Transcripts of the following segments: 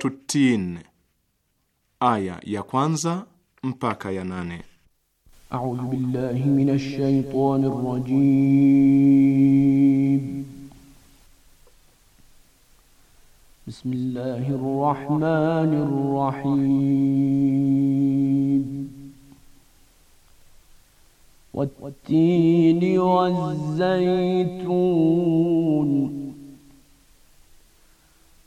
Suratu Tin, aya ya kwanza mpaka ya nane. A'udhu billahi minash shaitanir rajim. Bismillahir rahmanir rahim. والتين والزيتون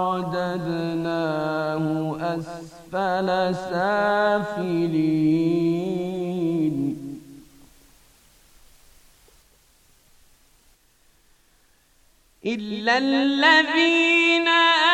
ورددناه أسفل سافلين إلا الذين آمنوا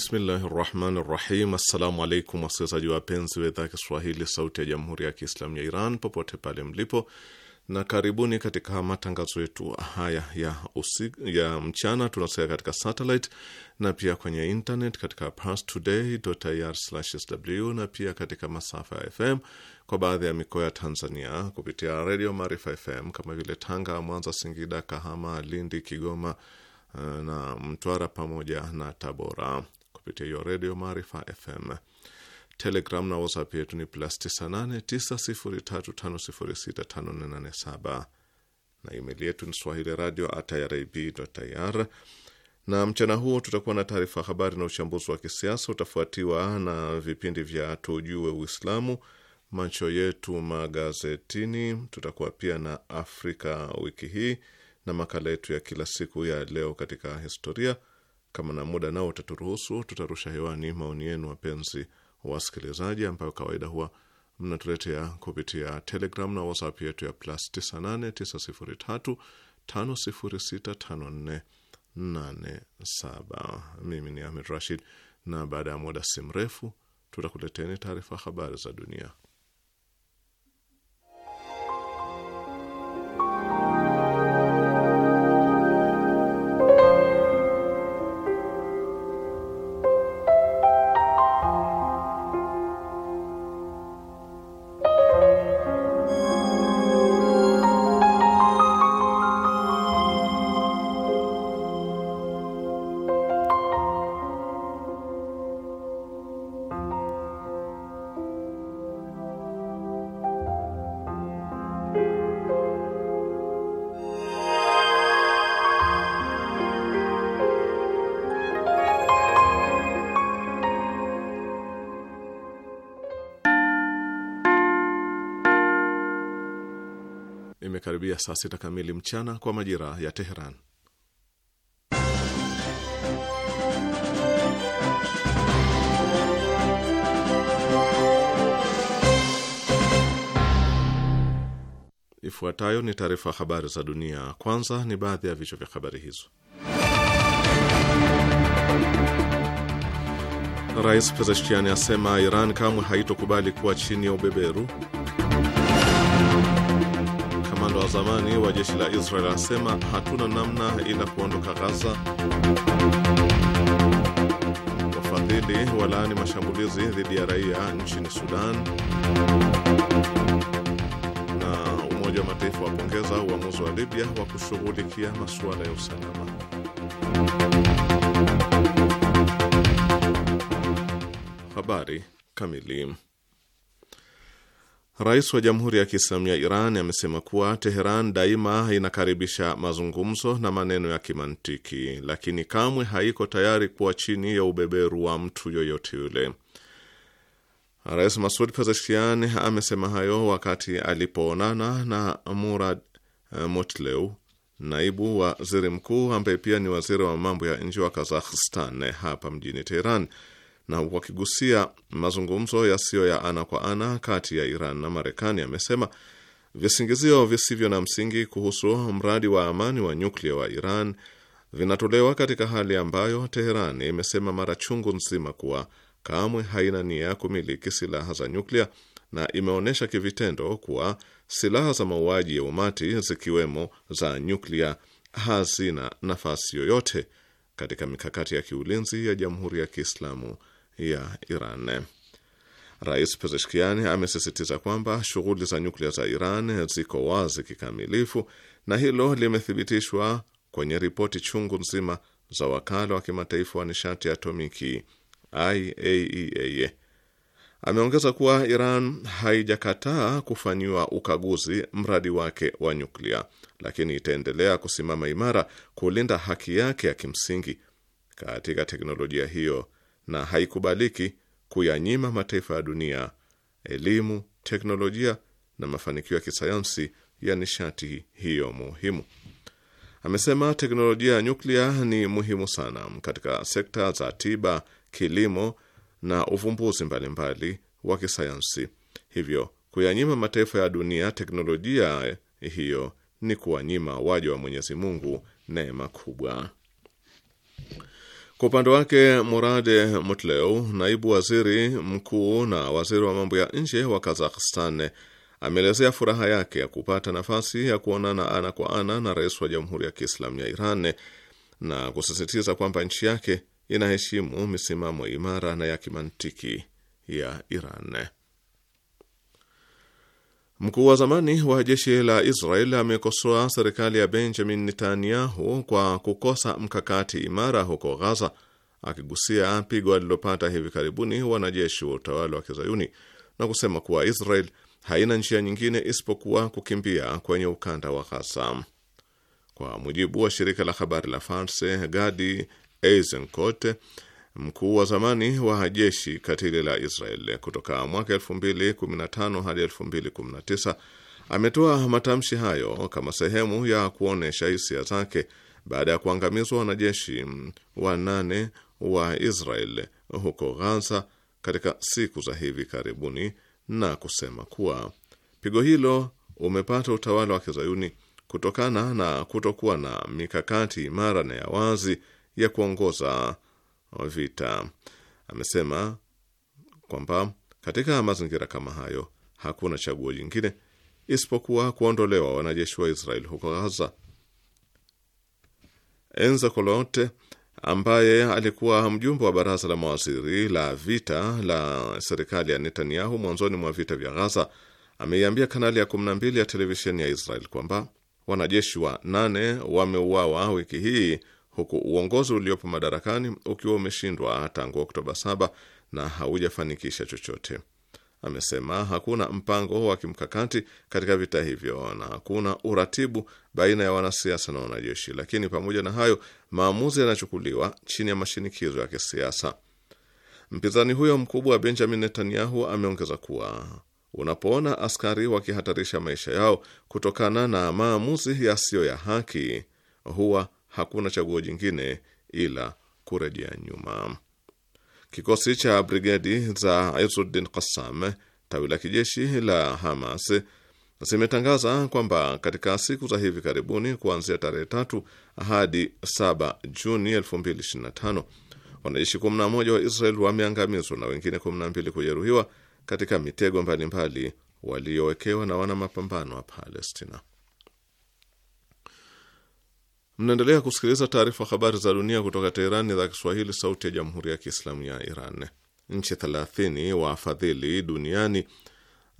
Bismillahi rahmani rahim. Assalamu alaikum wasikilizaji wapenzi wa idhaa Kiswahili sauti ya jamhuri ya Kiislamu ya Iran popote pale mlipo, na karibuni katika matangazo yetu haya ya, usi, ya mchana. Tunasikia katika satellite na pia kwenye internet katika parstoday.ir/sw na pia katika masafa ya FM kwa baadhi ya mikoa ya Tanzania kupitia redio Maarifa FM kama vile Tanga, Mwanza, Singida, Kahama, Lindi, Kigoma eh, na Mtwara pamoja na Tabora kupitia hiyo redio Maarifa FM. Telegram na WhatsApp yetu ni plus 989035065487 na email yetu ni swahili radio at irib Na mchana huo tutakuwa na taarifa habari na uchambuzi wa kisiasa, utafuatiwa na vipindi vya tujue Uislamu, macho yetu magazetini, tutakuwa pia na Afrika wiki hii na makala yetu ya kila siku ya leo katika historia kama na muda nao utaturuhusu, tutarusha hewani maoni yenu, wapenzi wasikilizaji, ambayo kawaida huwa mnatuletea kupitia Telegram na WhatsApp yetu ya plus 989035065487. Mimi ni Ahmed Rashid, na baada ya muda si mrefu tutakuleteni taarifa habari za dunia. imekaribia saa sita kamili mchana kwa majira ya Teheran. Ifuatayo ni taarifa ya habari za dunia. Kwanza ni baadhi ya vichwa vya habari hizo. Rais Pezeshkiani asema Iran kamwe haitokubali kuwa chini ya ubeberu zamani wa jeshi la Israel anasema hatuna namna ila kuondoka Gaza. Wafadhili walaani mashambulizi dhidi ya raia nchini Sudan. Na Umoja wa Mataifa wapongeza uamuzi wa Libya wa kushughulikia masuala ya usalama. Habari kamili Rais wa Jamhuri ya Kiislamu ya Iran amesema kuwa Teheran daima inakaribisha mazungumzo na maneno ya kimantiki, lakini kamwe haiko tayari kuwa chini ya ubeberu wa mtu yoyote yule. Rais Masud Pezeshkian amesema hayo wakati alipoonana na Murad eh, Motleu, naibu waziri mkuu ambaye pia ni waziri wa mambo ya nje wa Kazakhstan, hapa mjini Teheran na wakigusia mazungumzo yasiyo ya ana kwa ana kati ya Iran na Marekani, amesema visingizio visivyo na msingi kuhusu mradi wa amani wa nyuklia wa Iran vinatolewa katika hali ambayo Teheran imesema mara chungu nzima kuwa kamwe haina nia ya kumiliki silaha za nyuklia na imeonyesha kivitendo kuwa silaha za mauaji ya umati zikiwemo za nyuklia hazina nafasi yoyote katika mikakati ya kiulinzi ya Jamhuri ya Kiislamu ya Iran. Rais Pezeshkiani amesisitiza kwamba shughuli za nyuklia za Iran ziko wazi kikamilifu, na hilo limethibitishwa kwenye ripoti chungu nzima za wakala wa kimataifa wa nishati ya atomiki IAEA. E Ameongeza kuwa Iran haijakataa kufanyiwa ukaguzi mradi wake wa nyuklia, lakini itaendelea kusimama imara kulinda haki yake ya kimsingi katika teknolojia hiyo na haikubaliki kuyanyima mataifa ya dunia elimu, teknolojia na mafanikio ya kisayansi ya nishati hiyo muhimu. Amesema teknolojia ya nyuklia ni muhimu sana katika sekta za tiba, kilimo na uvumbuzi mbalimbali wa kisayansi. Hivyo kuyanyima mataifa ya dunia teknolojia hiyo ni kuwanyima waja wa Mwenyezi Mungu neema kubwa. Kwa upande wake murad Mutleu, naibu waziri mkuu na waziri wa mambo ya nje wa Kazakhstan, ameelezea furaha yake ya kupata nafasi ya kuonana ana kwa ana na rais wa Jamhuri ya Kiislamu ya Iran na kusisitiza kwamba nchi yake inaheshimu misimamo imara na ya kimantiki ya Iran. Mkuu wa zamani wa jeshi la Israel amekosoa serikali ya Benjamin Netanyahu kwa kukosa mkakati imara huko Ghaza, akigusia pigo alilopata hivi karibuni wanajeshi wa utawala wa kizayuni na kusema kuwa Israel haina njia nyingine isipokuwa kukimbia kwenye ukanda wa Ghaza. Kwa mujibu wa shirika la habari la Farse, Gadi Eisenkot mkuu wa zamani wa jeshi katili la Israel kutoka mwaka 2015 hadi 2019 ametoa matamshi hayo kama sehemu ya kuonyesha hisia zake baada ya kuangamizwa wanajeshi wanane wa Israel huko Gaza katika siku za hivi karibuni, na kusema kuwa pigo hilo umepata utawala wa kizayuni kutokana na kutokuwa na mikakati imara na ya wazi ya kuongoza vita. Amesema kwamba katika mazingira kama hayo hakuna chaguo jingine isipokuwa kuondolewa wanajeshi wa Israeli huko Gaza. Enza Kolote ambaye alikuwa mjumbe wa baraza la mawaziri la vita la serikali ya Netanyahu mwanzoni mwa vita vya Gaza ameiambia kanali ya 12 ya televisheni ya Israel kwamba wanajeshi wa nane wameuawa wiki hii huku uongozi uliopo madarakani ukiwa umeshindwa tangu Oktoba 7 na haujafanikisha chochote. Amesema hakuna mpango wa kimkakati katika vita hivyo na hakuna uratibu baina ya wanasiasa na wanajeshi, lakini pamoja na hayo maamuzi yanachukuliwa chini ya mashinikizo ya kisiasa. Mpinzani huyo mkubwa wa Benjamin Netanyahu ameongeza kuwa unapoona askari wakihatarisha maisha yao kutokana na maamuzi yasiyo ya haki, huwa hakuna chaguo jingine ila kurejea nyuma. Kikosi cha brigedi za Izzuddin Qassam, tawi la kijeshi la Hamas, zimetangaza kwamba katika siku za hivi karibuni, kuanzia tarehe tatu hadi 7 Juni 2025 wanajeshi 11 wa Israel wameangamizwa na wengine 12 kujeruhiwa katika mitego mbalimbali waliowekewa na wana mapambano wa Palestina. Mnaendelea kusikiliza taarifa habari za dunia kutoka Teherani, idhaa Kiswahili, sauti ya jamhuri ya kiislamu ya Iran. Nchi 30 wafadhili duniani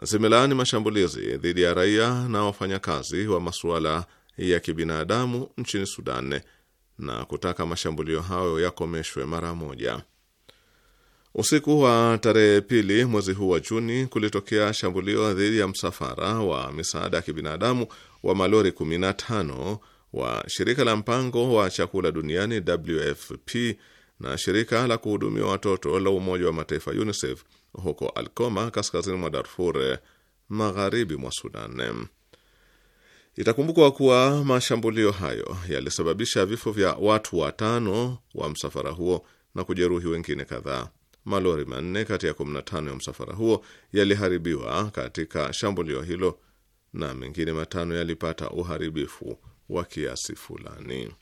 zimelaani mashambulizi dhidi ya raia na wafanyakazi wa masuala ya kibinadamu nchini Sudan na kutaka mashambulio hayo yakomeshwe mara moja. Usiku wa tarehe pili mwezi huu wa Juni kulitokea shambulio dhidi ya msafara wa misaada ya kibinadamu wa malori 15 wa shirika la mpango wa chakula duniani WFP na shirika la kuhudumia watoto la Umoja wa Mataifa UNICEF huko Alkoma, kaskazini mwa Darfur, magharibi mwa Sudan. Itakumbukwa kuwa mashambulio hayo yalisababisha vifo vya watu watano wa msafara huo na kujeruhi wengine kadhaa. Malori manne kati ya 15 ya msafara huo yaliharibiwa katika shambulio hilo na mengine matano yalipata uharibifu wa kiasi fulani.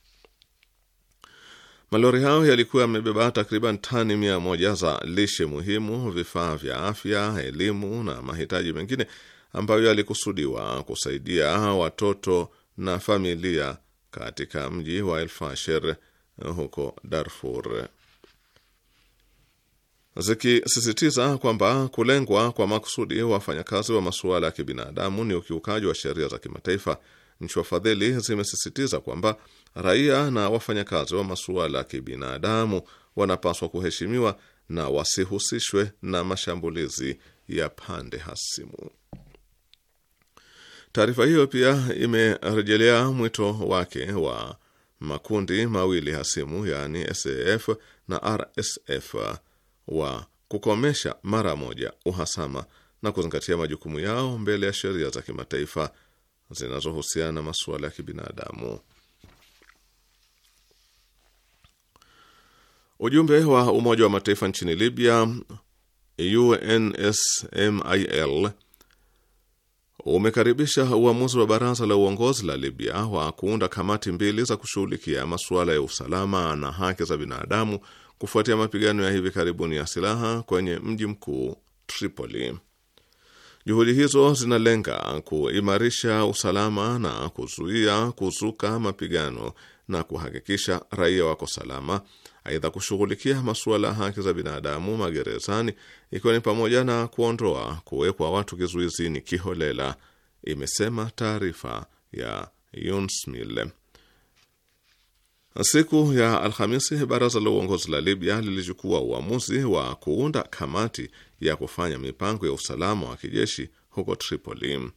Malori hayo yalikuwa yamebeba takriban tani mia moja za lishe muhimu, vifaa vya afya, elimu na mahitaji mengine ambayo yalikusudiwa kusaidia watoto na familia katika mji wa El Fasher huko Darfur, zikisisitiza kwamba kulengwa kwa makusudi wafanyakazi wa masuala ya kibinadamu ni ukiukaji wa sheria za kimataifa Nchi wafadhili zimesisitiza kwamba raia na wafanyakazi wa masuala ya kibinadamu wanapaswa kuheshimiwa na wasihusishwe na mashambulizi ya pande hasimu. Taarifa hiyo pia imerejelea mwito wake wa makundi mawili hasimu, yaani SAF na RSF, wa kukomesha mara moja uhasama na kuzingatia majukumu yao mbele ya sheria za kimataifa zinazohusiana na masuala ya kibinadamu. Ujumbe wa Umoja wa Mataifa nchini Libya, UNSMIL, umekaribisha uamuzi wa baraza la uongozi la Libya wa kuunda kamati mbili za kushughulikia masuala ya usalama na haki za binadamu kufuatia mapigano ya hivi karibuni ya silaha kwenye mji mkuu Tripoli. Juhudi hizo zinalenga kuimarisha usalama na kuzuia kuzuka mapigano na kuhakikisha raia wako salama. Aidha, kushughulikia masuala ya haki za binadamu magerezani, ikiwa ni pamoja na kuondoa kuwekwa watu kizuizini kiholela, imesema taarifa ya UNSMIL. Siku ya Alhamisi, baraza la uongozi la Libya lilichukua uamuzi wa kuunda kamati ya kufanya mipango ya usalama wa kijeshi huko Tripoli.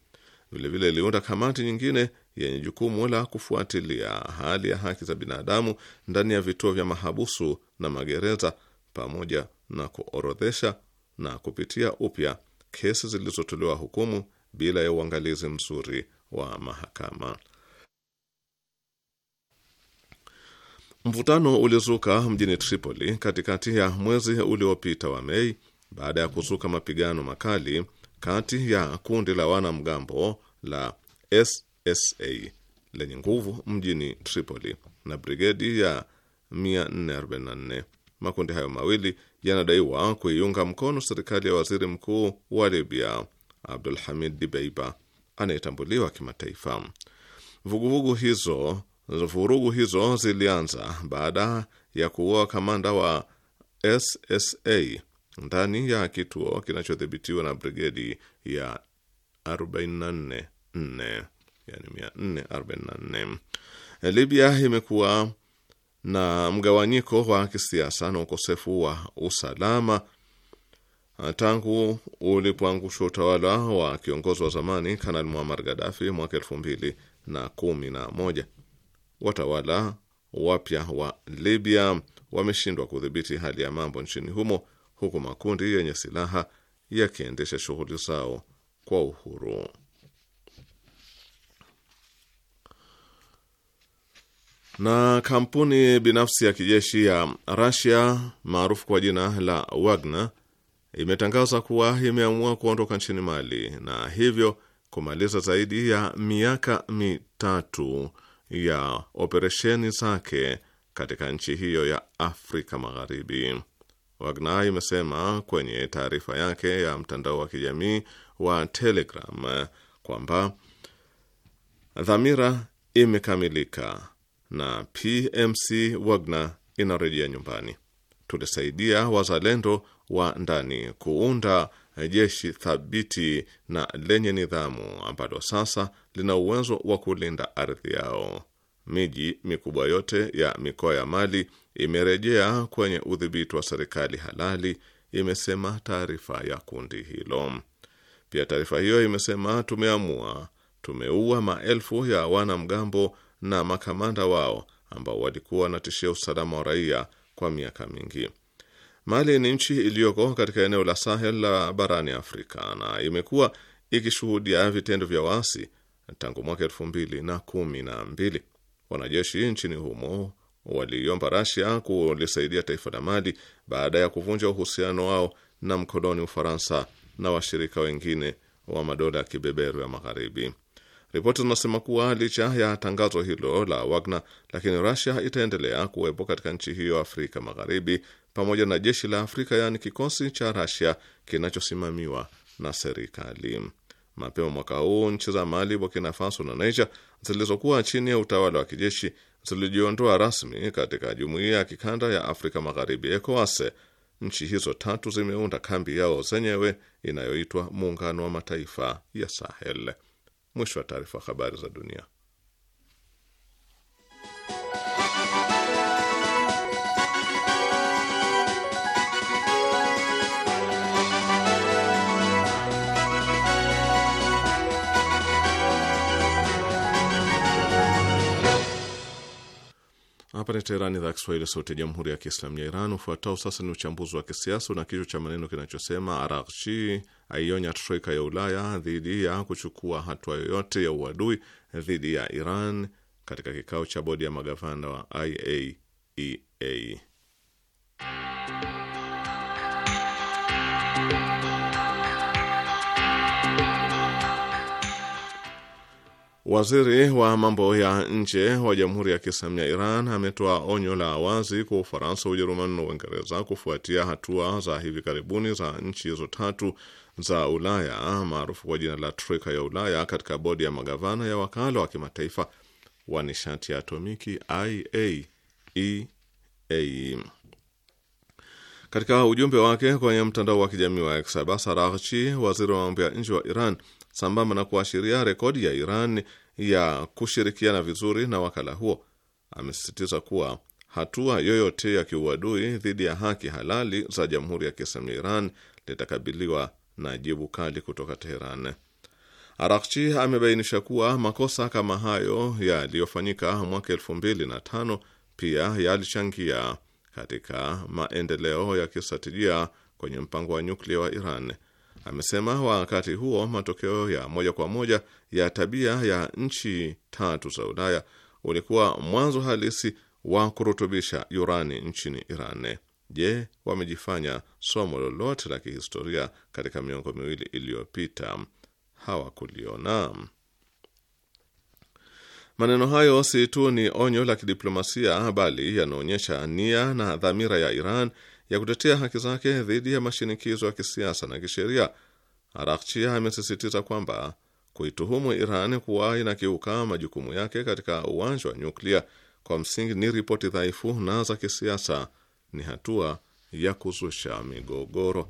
Vilevile iliunda kamati nyingine yenye jukumu la kufuatilia hali ya haki za binadamu ndani ya vituo vya mahabusu na magereza pamoja na kuorodhesha na kupitia upya kesi zilizotolewa hukumu bila ya uangalizi mzuri wa mahakama. Mvutano ulizuka mjini Tripoli katikati ya mwezi uliopita wa Mei baada ya kuzuka mapigano makali kati ya kundi la wanamgambo la SSA lenye nguvu mjini Tripoli na brigedi ya 444. Makundi hayo mawili yanadaiwa kuiunga mkono serikali ya waziri mkuu wa Libya Abdul Hamid Dibeiba anayetambuliwa kimataifa. Vuguvugu hizo vurugu hizo zilianza baada ya kuua kamanda wa SSA ndani ya kituo kinachodhibitiwa na brigedi ya 44 yani 444. Libya imekuwa na mgawanyiko wa kisiasa na ukosefu wa usalama tangu ulipoangushwa utawala wa kiongozi wa zamani Kanali Muammar Gaddafi mwaka elfu mbili na kumi na moja. Watawala wapya wa Libya wameshindwa kudhibiti hali ya mambo nchini humo huku makundi yenye silaha yakiendesha shughuli zao kwa uhuru. Na kampuni binafsi ya kijeshi ya Russia maarufu kwa jina la Wagner imetangaza kuwa imeamua kuondoka nchini Mali na hivyo kumaliza zaidi ya miaka mitatu ya operesheni zake katika nchi hiyo ya Afrika Magharibi. Wagner imesema kwenye taarifa yake ya mtandao wa kijamii wa Telegram kwamba dhamira imekamilika na PMC Wagner inarejea nyumbani. Tulisaidia wazalendo wa ndani kuunda jeshi thabiti na lenye nidhamu ambalo sasa lina uwezo wa kulinda ardhi yao. Miji mikubwa yote ya mikoa ya Mali imerejea kwenye udhibiti wa serikali halali, imesema taarifa ya kundi hilo. Pia taarifa hiyo imesema, tumeamua tumeua maelfu ya wanamgambo na makamanda wao ambao walikuwa wanatishia usalama wa raia kwa miaka mingi. Mali ni nchi iliyoko katika eneo la Sahel la barani Afrika na imekuwa ikishuhudia vitendo vya waasi tangu mwaka elfu mbili na kumi na mbili. Wanajeshi nchini humo waliiomba Rasia kulisaidia taifa la Mali baada ya kuvunja uhusiano wao na mkoloni Ufaransa na washirika wengine wa madola ya kibeberu ya magharibi. Ripoti zinasema kuwa licha ya tangazo hilo la Wagner, lakini Rasia itaendelea kuwepo katika nchi hiyo Afrika Magharibi pamoja na jeshi la Afrika, yaani kikosi cha Rasia kinachosimamiwa na serikali. Mapema mwaka huu nchi za Mali, Burkina Faso na Niger zilizokuwa chini ya utawala wa kijeshi zilijiondoa rasmi katika jumuiya ya kikanda ya Afrika Magharibi, ECOWAS. Nchi hizo tatu zimeunda kambi yao zenyewe inayoitwa Muungano wa Mataifa ya Sahel. Mwisho wa taarifa. Habari za dunia. Hapa ni Teherani, idhaa ya Kiswahili, sauti ya jamhuri ya kiislamu ya Iran. Ufuatao sasa ni uchambuzi wa kisiasa na kichwa cha maneno kinachosema Araghchi aionya troika ya Ulaya dhidi ya kuchukua hatua yoyote ya uadui dhidi ya Iran katika kikao cha bodi ya magavana wa IAEA. E Waziri wa mambo ya nje wa Jamhuri ya ya Iran ametoa onyo la wazi kwa Ufaransa, Ujerumani na Uingereza kufuatia hatua za hivi karibuni za nchi hizo tatu za Ulaya maarufu kwa jina la Troika ya Ulaya katika bodi ya magavana ya wakala wa kimataifa wa nishati ya atomiki IAEA. E katika ujumbe wake kwenye mtandao wa kijamii wa X, Abbas Araghchi, waziri wa mambo ya nje wa Iran sambamba na kuashiria rekodi ya Iran ya kushirikiana vizuri na wakala huo. Amesisitiza kuwa hatua yoyote ya kiuadui dhidi ya haki halali za Jamhuri ya Kiislamu ya Iran litakabiliwa na jibu kali kutoka Teheran. Arakchi amebainisha kuwa makosa kama hayo yaliyofanyika mwaka elfu mbili na tano pia yalichangia katika maendeleo ya kistratejia kwenye mpango wa nyuklia wa Iran. Amesema wakati huo matokeo ya moja kwa moja ya tabia ya nchi tatu za Ulaya ulikuwa mwanzo halisi wa kurutubisha urani nchini Iran. Je, wamejifanya somo lolote la kihistoria katika miongo miwili iliyopita? Hawakuliona. Maneno hayo si tu ni onyo la kidiplomasia, bali yanaonyesha nia na dhamira ya Iran ya kutetea haki zake dhidi ya mashinikizo ya kisiasa na kisheria. Arakchi amesisitiza kwamba kuituhumu Iran kuwa inakiuka majukumu yake katika uwanja wa nyuklia kwa msingi ni ripoti dhaifu na za kisiasa, ni hatua ya kuzusha migogoro.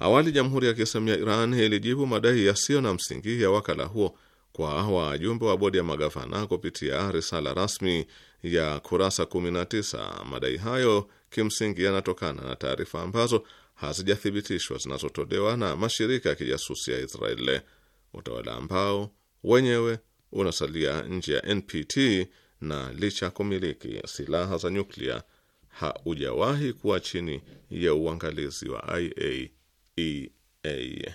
Awali Jamhuri ya Kiislamu ya Iran ilijibu madai yasiyo na msingi ya wakala huo kwa wajumbe wa bodi ya magavana kupitia risala rasmi ya kurasa 19. Madai hayo kimsingi yanatokana na taarifa ambazo hazijathibitishwa zinazotolewa na mashirika ya kijasusi ya Israeli, utawala ambao wenyewe unasalia nje ya NPT na licha ya kumiliki silaha za nyuklia haujawahi kuwa chini ya uangalizi wa IAEA. E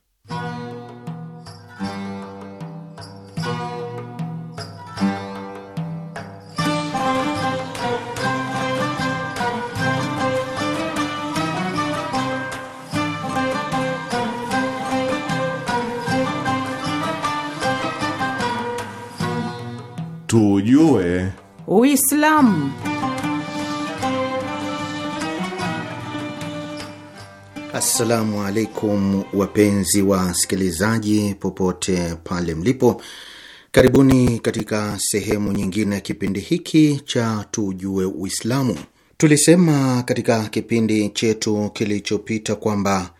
Assalamu alaikum wapenzi sikilizaji popote pale mlipo, karibuni katika sehemu nyingine ya kipindi hiki cha Tujue Uislamu. Tulisema katika kipindi chetu kilichopita kwamba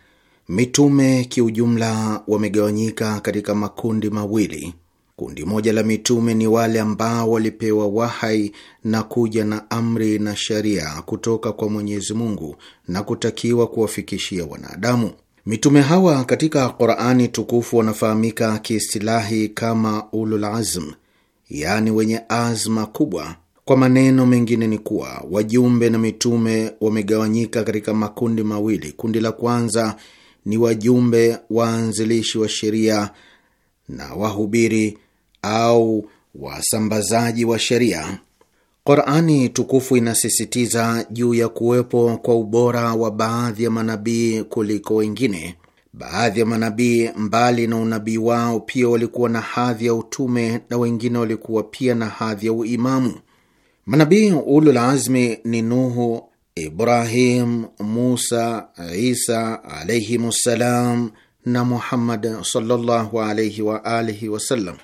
mitume kiujumla wamegawanyika katika makundi mawili, Kundi moja la mitume ni wale ambao walipewa wahai na kuja na amri na sheria kutoka kwa Mwenyezi Mungu na kutakiwa kuwafikishia wanadamu. Mitume hawa katika Qurani tukufu wanafahamika kiistilahi kama ulul azm, yaani wenye azma kubwa. Kwa maneno mengine ni kuwa wajumbe na mitume wamegawanyika katika makundi mawili. Kundi la kwanza ni wajumbe waanzilishi wa sheria na wahubiri au wasambazaji wa sheria. Qurani tukufu inasisitiza juu ya kuwepo kwa ubora wa baadhi ya manabii kuliko wengine. Baadhi ya manabii, mbali na unabii wao, pia walikuwa na hadhi ya utume na wengine walikuwa pia na hadhi ya uimamu. Manabii ulul azmi ni Nuhu, Ibrahim, Musa, Isa alaihimu ssalam na Muhammad sallallahu alaihi alihi wasallam.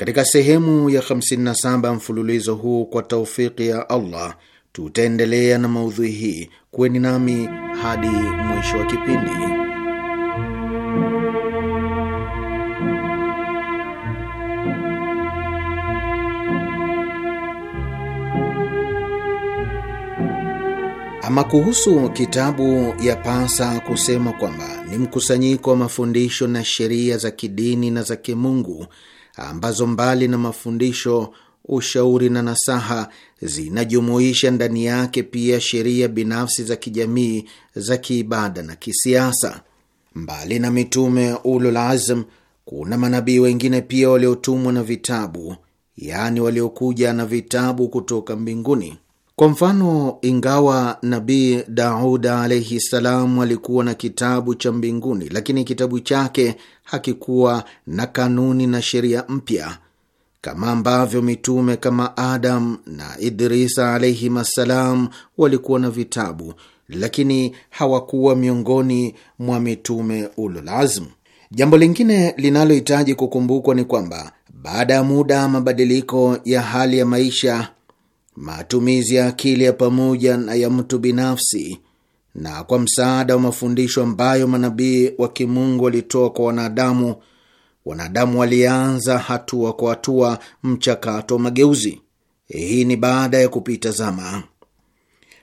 Katika sehemu ya 57 mfululizo huu kwa taufiki ya Allah tutaendelea na maudhui hii. Kuweni nami hadi mwisho wa kipindi. Ama kuhusu kitabu ya pasa kusema kwamba ni mkusanyiko wa mafundisho na sheria za kidini na za kimungu ambazo mbali na mafundisho, ushauri na nasaha, zinajumuisha ndani yake pia sheria binafsi za kijamii, za kiibada na kisiasa. Mbali na mitume ulul azm, kuna manabii wengine pia waliotumwa na vitabu, yaani waliokuja na vitabu kutoka mbinguni. Kwa mfano, ingawa Nabii Dauda alaihi ssalam alikuwa na kitabu cha mbinguni, lakini kitabu chake hakikuwa na kanuni na sheria mpya kama ambavyo mitume kama Adam na Idrisa alaihim assalam walikuwa na vitabu, lakini hawakuwa miongoni mwa mitume ululazm. Jambo lingine linalohitaji kukumbukwa ni kwamba baada ya muda, mabadiliko ya hali ya maisha, matumizi ya akili ya pamoja na ya mtu binafsi na kwa msaada wa mafundisho ambayo manabii wa kimungu walitoa kwa wanadamu, wanadamu walianza hatua kwa hatua mchakato wa mageuzi. Hii ni baada ya kupita zama.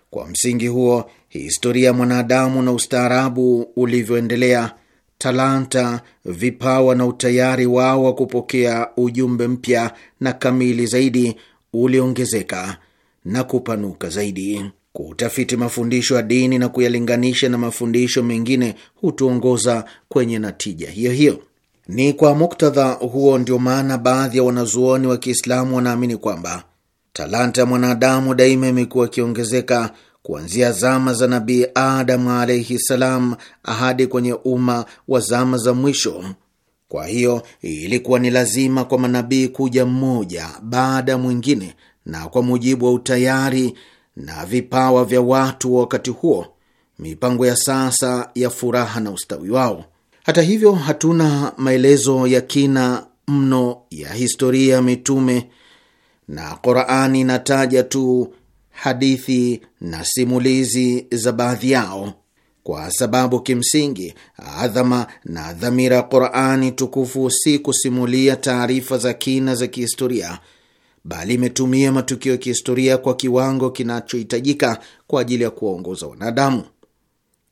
Kwa msingi huo, historia ya mwanadamu na ustaarabu ulivyoendelea, talanta, vipawa na utayari wao wa kupokea ujumbe mpya na kamili zaidi uliongezeka na kupanuka zaidi. Kutafiti mafundisho ya dini na kuyalinganisha na mafundisho mengine hutuongoza kwenye natija hiyo hiyo. Ni kwa muktadha huo ndio maana baadhi ya wanazuoni wa Kiislamu wanaamini kwamba talanta ya mwanadamu daima imekuwa ikiongezeka kuanzia zama za Nabii Adamu alaihi salam hadi kwenye umma wa zama za mwisho. Kwa hiyo ilikuwa ni lazima kwa manabii kuja mmoja baada ya mwingine, na kwa mujibu wa utayari na vipawa vya watu wa wakati huo, mipango ya sasa ya furaha na ustawi wao. Hata hivyo, hatuna maelezo ya kina mno ya historia ya mitume, na Qurani inataja tu hadithi na simulizi za baadhi yao, kwa sababu kimsingi adhama na dhamira ya Qurani tukufu si kusimulia taarifa za kina za kihistoria bali imetumia matukio ya kihistoria kwa kiwango kinachohitajika kwa ajili ya kuwaongoza wanadamu.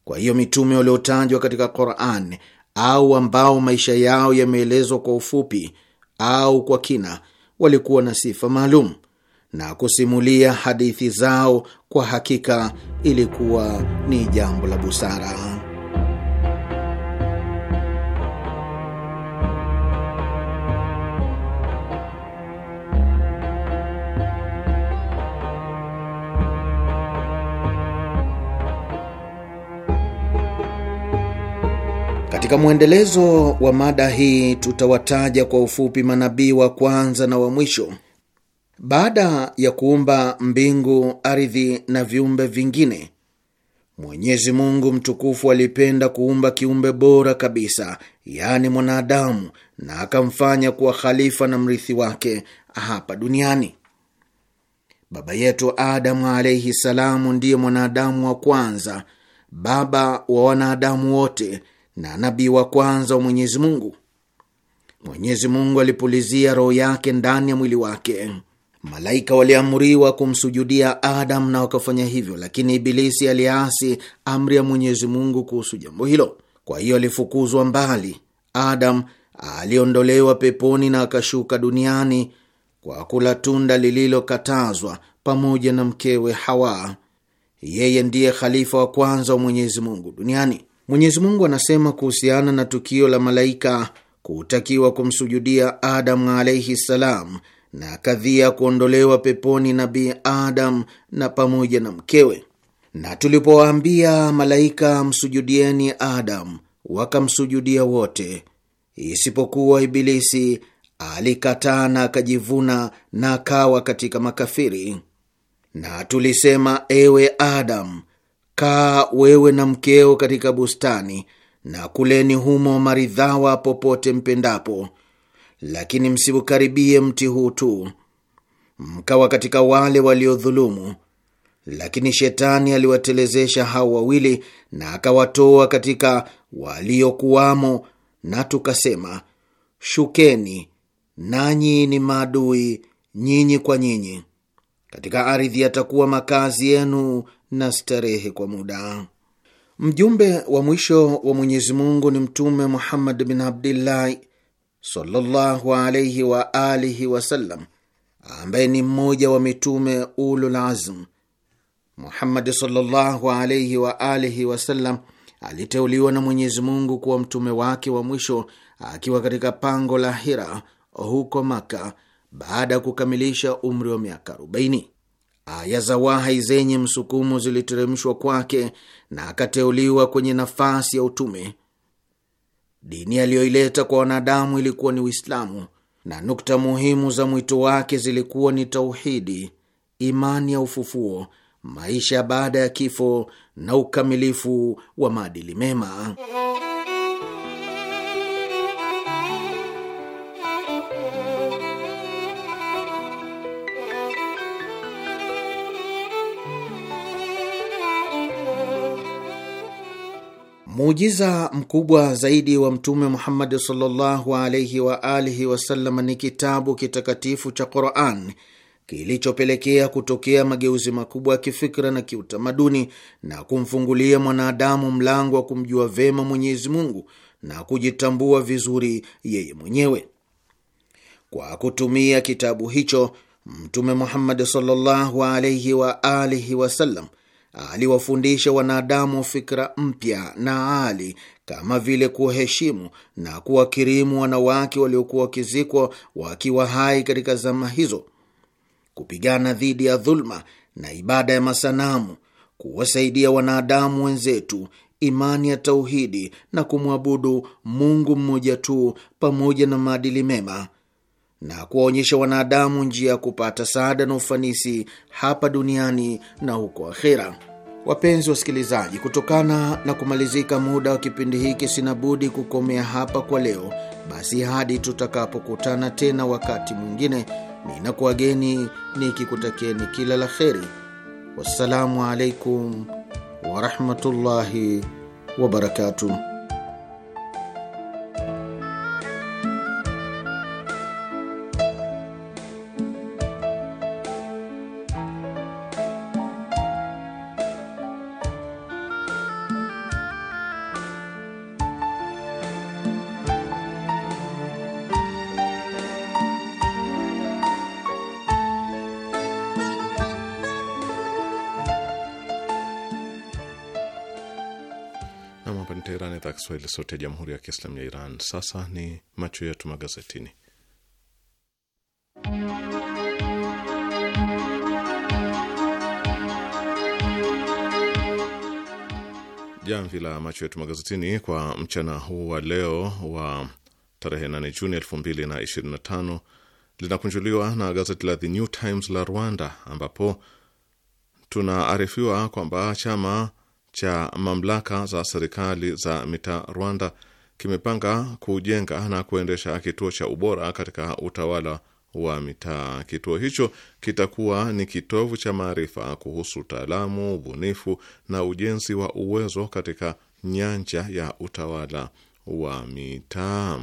Kwa hiyo mitume waliotajwa katika Quran au ambao maisha yao yameelezwa kwa ufupi au kwa kina walikuwa na sifa maalum, na kusimulia hadithi zao kwa hakika ilikuwa ni jambo la busara. Katika mwendelezo wa mada hii tutawataja kwa ufupi manabii wa kwanza na wa mwisho. Baada ya kuumba mbingu, ardhi na viumbe vingine, Mwenyezi Mungu mtukufu alipenda kuumba kiumbe bora kabisa, yaani mwanadamu, na akamfanya kuwa khalifa na mrithi wake hapa duniani. Baba yetu Adamu alaihi salamu ndiye mwanadamu wa kwanza, baba wa wanadamu wote na nabii wa kwanza wa Mwenyezi Mungu. Mwenyezi Mungu alipulizia roho yake ndani ya mwili wake. Malaika waliamriwa kumsujudia Adamu na wakafanya hivyo, lakini Ibilisi aliasi amri ya Mwenyezi Mungu kuhusu jambo hilo. Kwa hiyo alifukuzwa mbali. Adamu aliondolewa peponi na akashuka duniani kwa kula tunda lililokatazwa pamoja na mkewe Hawa. Yeye ndiye khalifa wa kwanza wa Mwenyezi Mungu duniani. Mwenyezi Mungu anasema kuhusiana na tukio la malaika kutakiwa kumsujudia Adamu alaihi ssalam na kadhia kuondolewa peponi nabii Adam na pamoja na mkewe. Na tulipowaambia malaika msujudieni Adam, wakamsujudia wote isipokuwa Ibilisi alikataa na akajivuna na akawa katika makafiri. Na tulisema, ewe adamu kaa wewe na mkeo katika bustani na kuleni humo maridhawa popote mpendapo, lakini msiukaribie mti huu tu, mkawa katika wale waliodhulumu. Lakini Shetani aliwatelezesha hao wawili na akawatoa katika waliokuwamo, na tukasema, shukeni nanyi ni maadui nyinyi kwa nyinyi, katika ardhi yatakuwa makazi yenu na starehe kwa muda. Mjumbe wa mwisho wa Mwenyezi Mungu ni Mtume Muhammad bin Abdillahi sallallahu alaihi wa alihi wasallam, ambaye ni mmoja wa mitume ulul azm. Muhammad sallallahu alaihi wa alihi wasallam aliteuliwa na Mwenyezi Mungu kuwa mtume wake wa mwisho akiwa katika pango la Hira huko Maka baada ya kukamilisha umri wa miaka 40. Aya za wahai zenye msukumo ziliteremshwa kwake na akateuliwa kwenye nafasi ya utume. Dini aliyoileta kwa wanadamu ilikuwa ni Uislamu, na nukta muhimu za mwito wake zilikuwa ni tauhidi, imani ya ufufuo, maisha baada ya kifo na ukamilifu wa maadili mema. Muujiza mkubwa zaidi wa Mtume Muhammadi sallallahu alaihi wa alihi wasallam ni kitabu kitakatifu cha Quran kilichopelekea kutokea mageuzi makubwa ya kifikra na kiutamaduni na kumfungulia mwanadamu mlango wa kumjua vema Mwenyezi Mungu na kujitambua vizuri yeye mwenyewe. Kwa kutumia kitabu hicho, Mtume Muhammadi sallallahu alaihi wa alihi wasallam aliwafundisha wanadamu fikra mpya na ali kama vile kuwaheshimu na kuwakirimu wanawake waliokuwa wakizikwa wakiwa hai katika zama hizo, kupigana dhidi ya dhulma na ibada ya masanamu, kuwasaidia wanadamu wenzetu imani ya tauhidi na kumwabudu Mungu mmoja tu pamoja na maadili mema na kuwaonyesha wanadamu njia ya kupata saada na ufanisi hapa duniani na huko akhera. Wapenzi wasikilizaji, kutokana na kumalizika muda wa kipindi hiki, sina budi kukomea hapa kwa leo. Basi hadi tutakapokutana tena wakati mwingine, ninakuwageni nikikutakieni kila la kheri. Wassalamu alaikum warahmatullahi wabarakatuh. Kiswahili, sauti ya jamhuri ya kiislamu ya Iran. Sasa ni macho yetu magazetini. Jamvi la macho yetu magazetini kwa mchana huu wa leo wa tarehe 8 Juni 2025 linakunjuliwa na gazeti la The New Times la Rwanda, ambapo tunaarifiwa kwamba chama cha mamlaka za serikali za mitaa Rwanda kimepanga kujenga na kuendesha kituo cha ubora katika utawala wa mitaa. Kituo hicho kitakuwa ni kitovu cha maarifa kuhusu utaalamu, ubunifu na ujenzi wa uwezo katika nyanja ya utawala wa mitaa.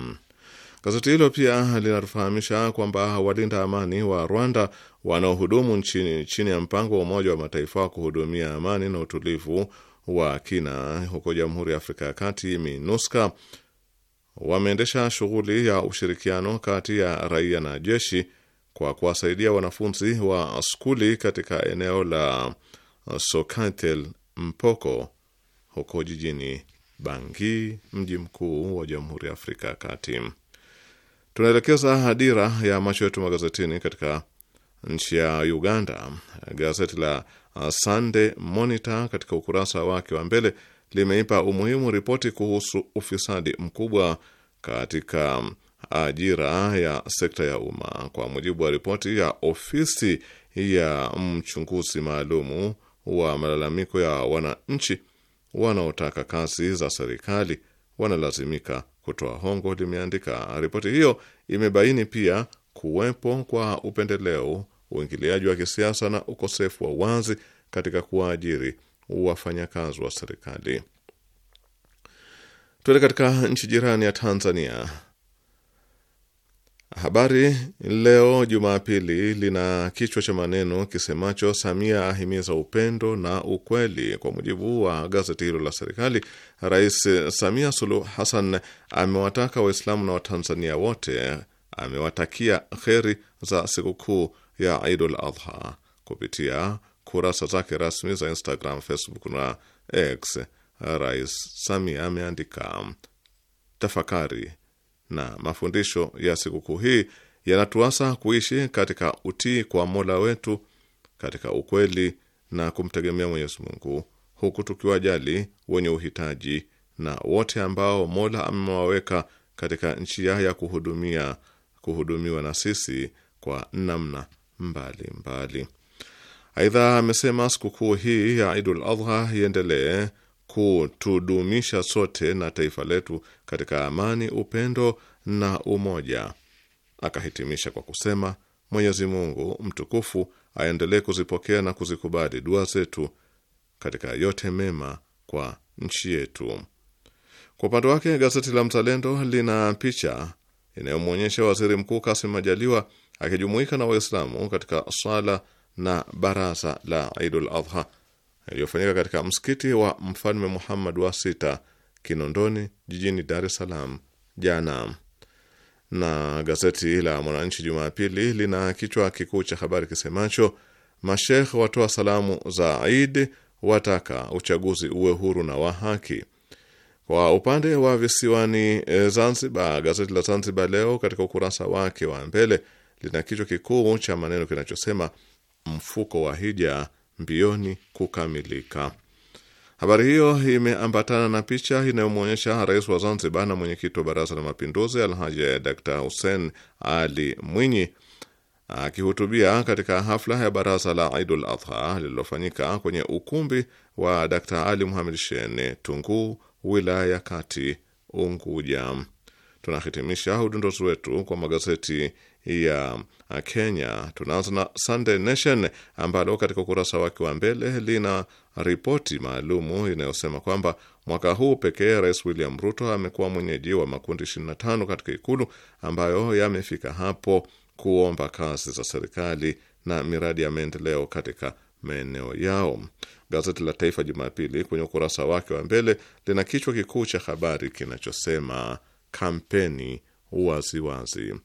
Gazeti hilo pia linatufahamisha kwamba walinda amani wa Rwanda wanaohudumu nchini chini ya mpango wa Umoja wa Mataifa wa kuhudumia amani na utulivu wa kina huko Jamhuri ya Afrika ya Kati, MINUSCA, wameendesha shughuli ya ushirikiano kati ya raia na jeshi kwa kuwasaidia wanafunzi wa skuli katika eneo la Sokantel Mpoko huko jijini Bangi, mji mkuu wa Jamhuri ya Afrika ya Kati. Tunaelekeza hadira ya macho yetu magazetini katika nchi ya Uganda. Gazeti la Uh, Sunday Monitor katika ukurasa wake wa mbele limeipa umuhimu ripoti kuhusu ufisadi mkubwa katika ajira ya sekta ya umma. Kwa mujibu wa ripoti ya ofisi ya mchunguzi maalumu wa malalamiko ya wananchi wanaotaka kazi za serikali wanalazimika kutoa hongo, limeandika. Ripoti hiyo imebaini pia kuwepo kwa upendeleo uingiliaji wa kisiasa na ukosefu wa wazi katika kuwaajiri wafanyakazi wa serikali. Tuende katika nchi jirani ya Tanzania. Habari Leo Jumapili lina kichwa cha maneno kisemacho Samia ahimiza upendo na ukweli. Kwa mujibu wa gazeti hilo la serikali, Rais Samia Suluhu Hassan amewataka Waislamu na Watanzania wote, amewatakia kheri za sikukuu ya Idul Adha kupitia kurasa zake rasmi za Instagram, Facebook na X, Rais Samia ameandika tafakari na mafundisho ya sikukuu hii yanatuasa kuishi katika utii kwa Mola wetu katika ukweli na kumtegemea Mwenyezi Mungu, huku tukiwajali wenye uhitaji na wote ambao Mola amewaweka katika nchi ya ya kuhudumia kuhudumiwa na sisi kwa namna mbalimbali. Aidha amesema sikukuu hii ya Idul Adha iendelee kutudumisha sote na taifa letu katika amani, upendo na umoja. Akahitimisha kwa kusema Mwenyezi Mungu mtukufu aendelee kuzipokea na kuzikubali dua zetu katika yote mema kwa nchi yetu. Kwa upande wake, gazeti la Mzalendo lina picha inayomwonyesha Waziri Mkuu Kasim Majaliwa akijumuika na Waislamu katika sala na baraza la Idul Adha iliyofanyika katika msikiti wa Mfalme Muhammad wa sita Kinondoni jijini Dar es Salaam jana. Na gazeti la Mwananchi Jumapili lina kichwa kikuu cha habari kisemacho mashekh watoa salamu za Idi wataka uchaguzi uwe huru na wa haki. Kwa upande wa visiwani eh, Zanzibar, gazeti la Zanzibar Leo katika ukurasa wake wa mbele lina kichwa kikuu cha maneno kinachosema mfuko wa hija mbioni kukamilika. Habari hiyo imeambatana na picha inayomwonyesha rais wa Zanzibar na mwenyekiti wa Baraza la Mapinduzi Alhaji Dr Hussein Ali Mwinyi akihutubia katika hafla ya Baraza la Idul Adha lililofanyika kwenye ukumbi wa Dr Ali Muhamed Sheni Tunguu, wilaya ya Kati, Unguja. Tunahitimisha udondozi wetu kwa magazeti ya uh, Kenya. Tunaanza na Sunday Nation ambalo katika ukurasa wake wa mbele lina ripoti maalumu inayosema kwamba mwaka huu pekee Rais William Ruto amekuwa mwenyeji wa makundi 25 katika Ikulu ambayo yamefika hapo kuomba kazi za serikali na miradi ya maendeleo katika maeneo yao. Gazeti la Taifa Jumapili kwenye ukurasa wake wa mbele lina kichwa kikuu cha habari kinachosema kampeni waziwazi wazi.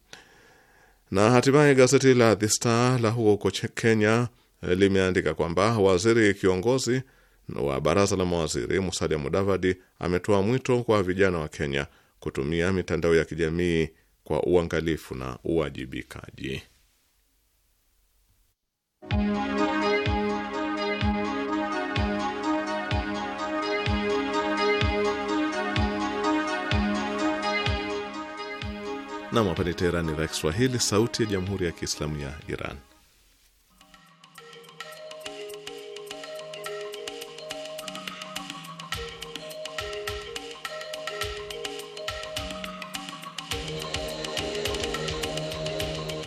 Na hatimaye gazeti la The Star la huko huko Kenya eh, limeandika kwamba waziri kiongozi wa baraza la mawaziri Musalia Mudavadi ametoa mwito kwa vijana wa Kenya kutumia mitandao ya kijamii kwa uangalifu na uwajibikaji. Nam, hapa ni Teherani, idhaa Kiswahili, sauti ya jamhuri ya kiislamu ya Iran.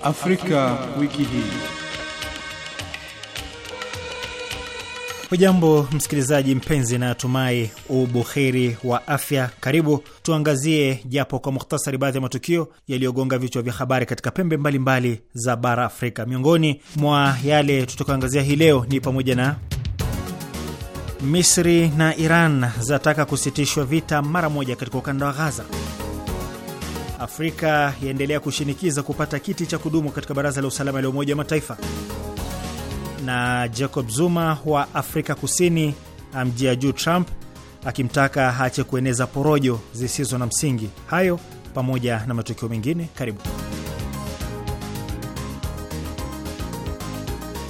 Afrika wiki hii. Hujambo msikilizaji mpenzi, na tumai ubuheri wa afya. Karibu tuangazie japo kwa muhtasari baadhi ya matukio yaliyogonga vichwa vya habari katika pembe mbalimbali mbali za bara Afrika. Miongoni mwa yale tutakayoangazia hii leo ni pamoja na Misri na Iran zataka kusitishwa vita mara moja katika ukanda wa Gaza. Afrika yaendelea kushinikiza kupata kiti cha kudumu katika baraza la usalama la Umoja wa Mataifa na Jacob Zuma wa Afrika Kusini amjia juu Trump akimtaka aache kueneza porojo zisizo na msingi. Hayo pamoja na matukio mengine, karibu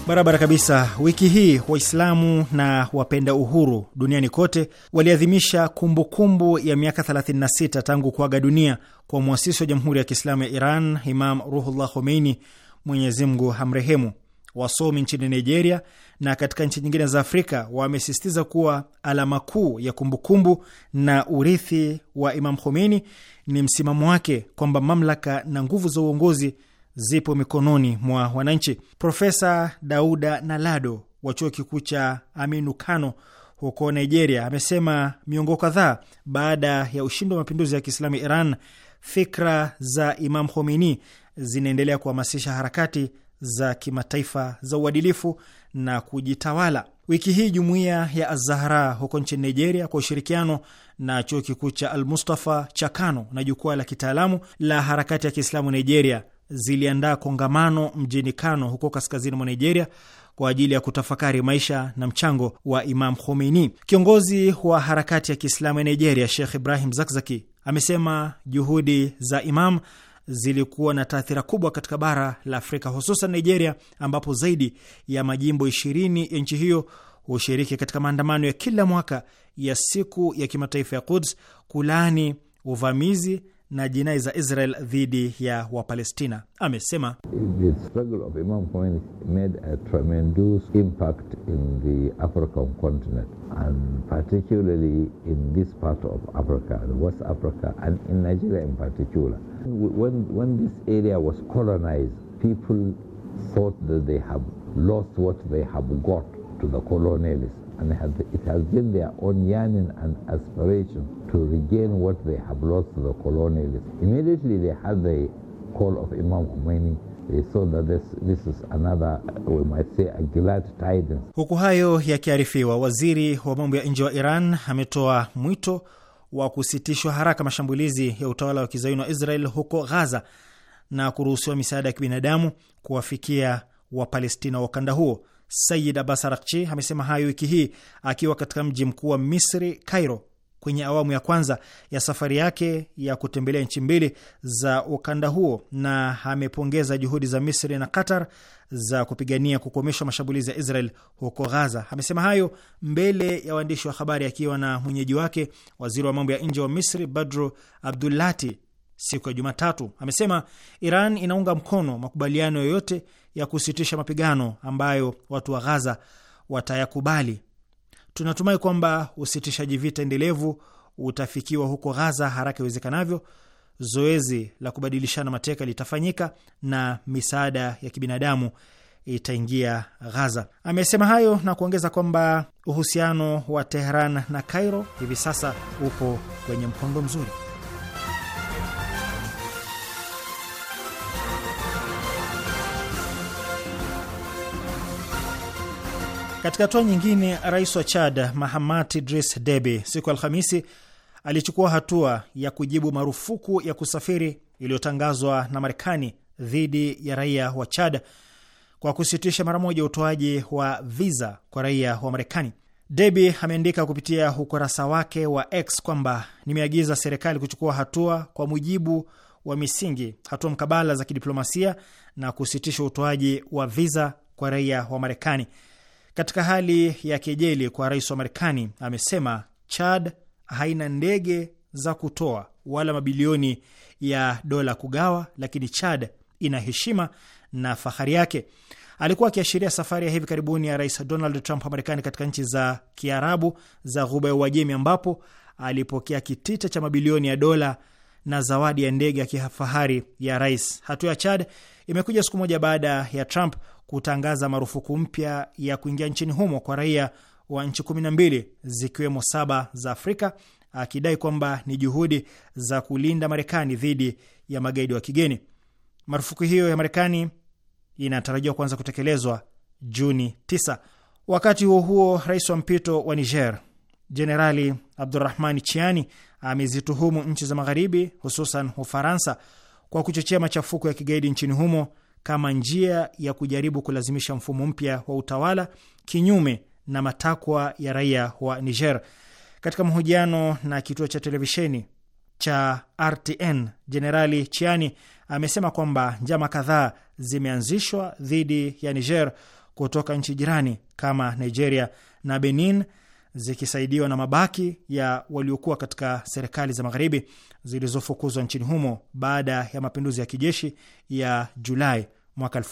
barabara kabisa. Wiki hii Waislamu na wapenda uhuru duniani kote waliadhimisha kumbukumbu ya miaka 36 tangu kuaga dunia kwa mwasisi wa Jamhuri ya Kiislamu ya Iran, Imam Ruhullah Khomeini, Mwenyezi Mungu hamrehemu wasomi nchini Nigeria na katika nchi nyingine za Afrika wamesisitiza kuwa alama kuu ya kumbukumbu kumbu na urithi wa Imam Khomeini ni msimamo wake kwamba mamlaka na nguvu za uongozi zipo mikononi mwa wananchi. Profesa Dauda Nalado wa chuo kikuu cha Aminu Kano huko Nigeria amesema miongo kadhaa baada ya ushindi wa mapinduzi ya Kiislamu Iran, fikra za Imam Khomeini zinaendelea kuhamasisha harakati za kimataifa za uadilifu na kujitawala. Wiki hii jumuiya ya Azahra huko nchini Nigeria kwa ushirikiano na chuo kikuu cha Almustafa cha Kano na jukwaa la kitaalamu la harakati ya Kiislamu Nigeria ziliandaa kongamano mjini Kano huko kaskazini mwa Nigeria kwa ajili ya kutafakari maisha na mchango wa Imam Khomeini. Kiongozi wa harakati ya Kiislamu ya Nigeria Sheikh Ibrahim Zakzaki amesema juhudi za Imam zilikuwa na taathira kubwa katika bara la Afrika, hususan Nigeria, ambapo zaidi ya majimbo ishirini ya nchi hiyo hushiriki katika maandamano ya kila mwaka ya siku ya kimataifa ya Quds kulaani uvamizi na jinai za Israel dhidi ya Wapalestina. Amesema when, when this area was colonized, people thought that they have lost what they have got to the colonialists. And it has been their own yearning and aspiration to regain what they have lost to the colonialists. Immediately they had the call of Imam Khomeini So that this, this is another, we might say, a glad Huku hayo yakiarifiwa, waziri wa mambo ya nje wa Iran ametoa mwito wa kusitishwa haraka mashambulizi ya utawala wa kizayuni wa Israel huko Ghaza na kuruhusiwa misaada ya kibinadamu kuwafikia Wapalestina wa ukanda huo. Sayid Abbas Arakchi amesema hayo wiki hii akiwa katika mji mkuu wa Misri, Cairo, kwenye awamu ya kwanza ya safari yake ya kutembelea nchi mbili za ukanda huo na amepongeza juhudi za Misri na Qatar za kupigania kukomeshwa mashambulizi ya Israel huko Ghaza. Amesema hayo mbele ya waandishi wa habari akiwa na mwenyeji wake waziri wa mambo ya nje wa Misri Badru Abdulati siku ya Jumatatu. Amesema Iran inaunga mkono makubaliano yoyote ya kusitisha mapigano ambayo watu wa Ghaza watayakubali Tunatumai kwamba usitishaji vita endelevu utafikiwa huko Ghaza haraka iwezekanavyo. Zoezi la kubadilishana mateka litafanyika na misaada ya kibinadamu itaingia Ghaza. Amesema hayo na kuongeza kwamba uhusiano wa Tehran na Kairo hivi sasa upo kwenye mkondo mzuri. Katika hatua nyingine, rais wa Chad Mahamat Dris Debi siku ya Alhamisi alichukua hatua ya kujibu marufuku ya kusafiri iliyotangazwa na Marekani dhidi ya raia wa Chad kwa kusitisha mara moja utoaji wa viza kwa raia wa Marekani. debi ameandika kupitia ukurasa wake wa X kwamba nimeagiza serikali kuchukua hatua kwa mujibu wa misingi, hatua mkabala za kidiplomasia na kusitisha utoaji wa viza kwa raia wa Marekani. Katika hali ya kejeli kwa rais wa Marekani, amesema Chad haina ndege za kutoa wala mabilioni ya dola kugawa, lakini Chad ina heshima na fahari yake. Alikuwa akiashiria safari ya hivi karibuni ya rais Donald Trump wa Marekani katika nchi za Kiarabu za Ghuba ya Uajemi, ambapo alipokea kitita cha mabilioni ya dola na zawadi ya ndege ya kifahari ya rais. Hatua ya Chad imekuja siku moja baada ya Trump kutangaza marufuku mpya ya kuingia nchini humo kwa raia wa nchi kumi na mbili zikiwemo saba za Afrika, akidai kwamba ni juhudi za kulinda Marekani dhidi ya magaidi wa kigeni. Marufuku hiyo ya Marekani inatarajiwa kuanza kutekelezwa Juni 9. Wakati huo huo, rais wa mpito wa Niger Jenerali Abdurahmani Chiani amezituhumu nchi za Magharibi, hususan Ufaransa, kwa kuchochea machafuko ya kigaidi nchini humo kama njia ya kujaribu kulazimisha mfumo mpya wa utawala kinyume na matakwa ya raia wa Niger. Katika mahojiano na kituo cha televisheni cha RTN, Jenerali Chiani amesema kwamba njama kadhaa zimeanzishwa dhidi ya Niger kutoka nchi jirani kama Nigeria na Benin zikisaidiwa na mabaki ya waliokuwa katika serikali za magharibi zilizofukuzwa nchini humo baada ya mapinduzi ya kijeshi ya Julai mwaka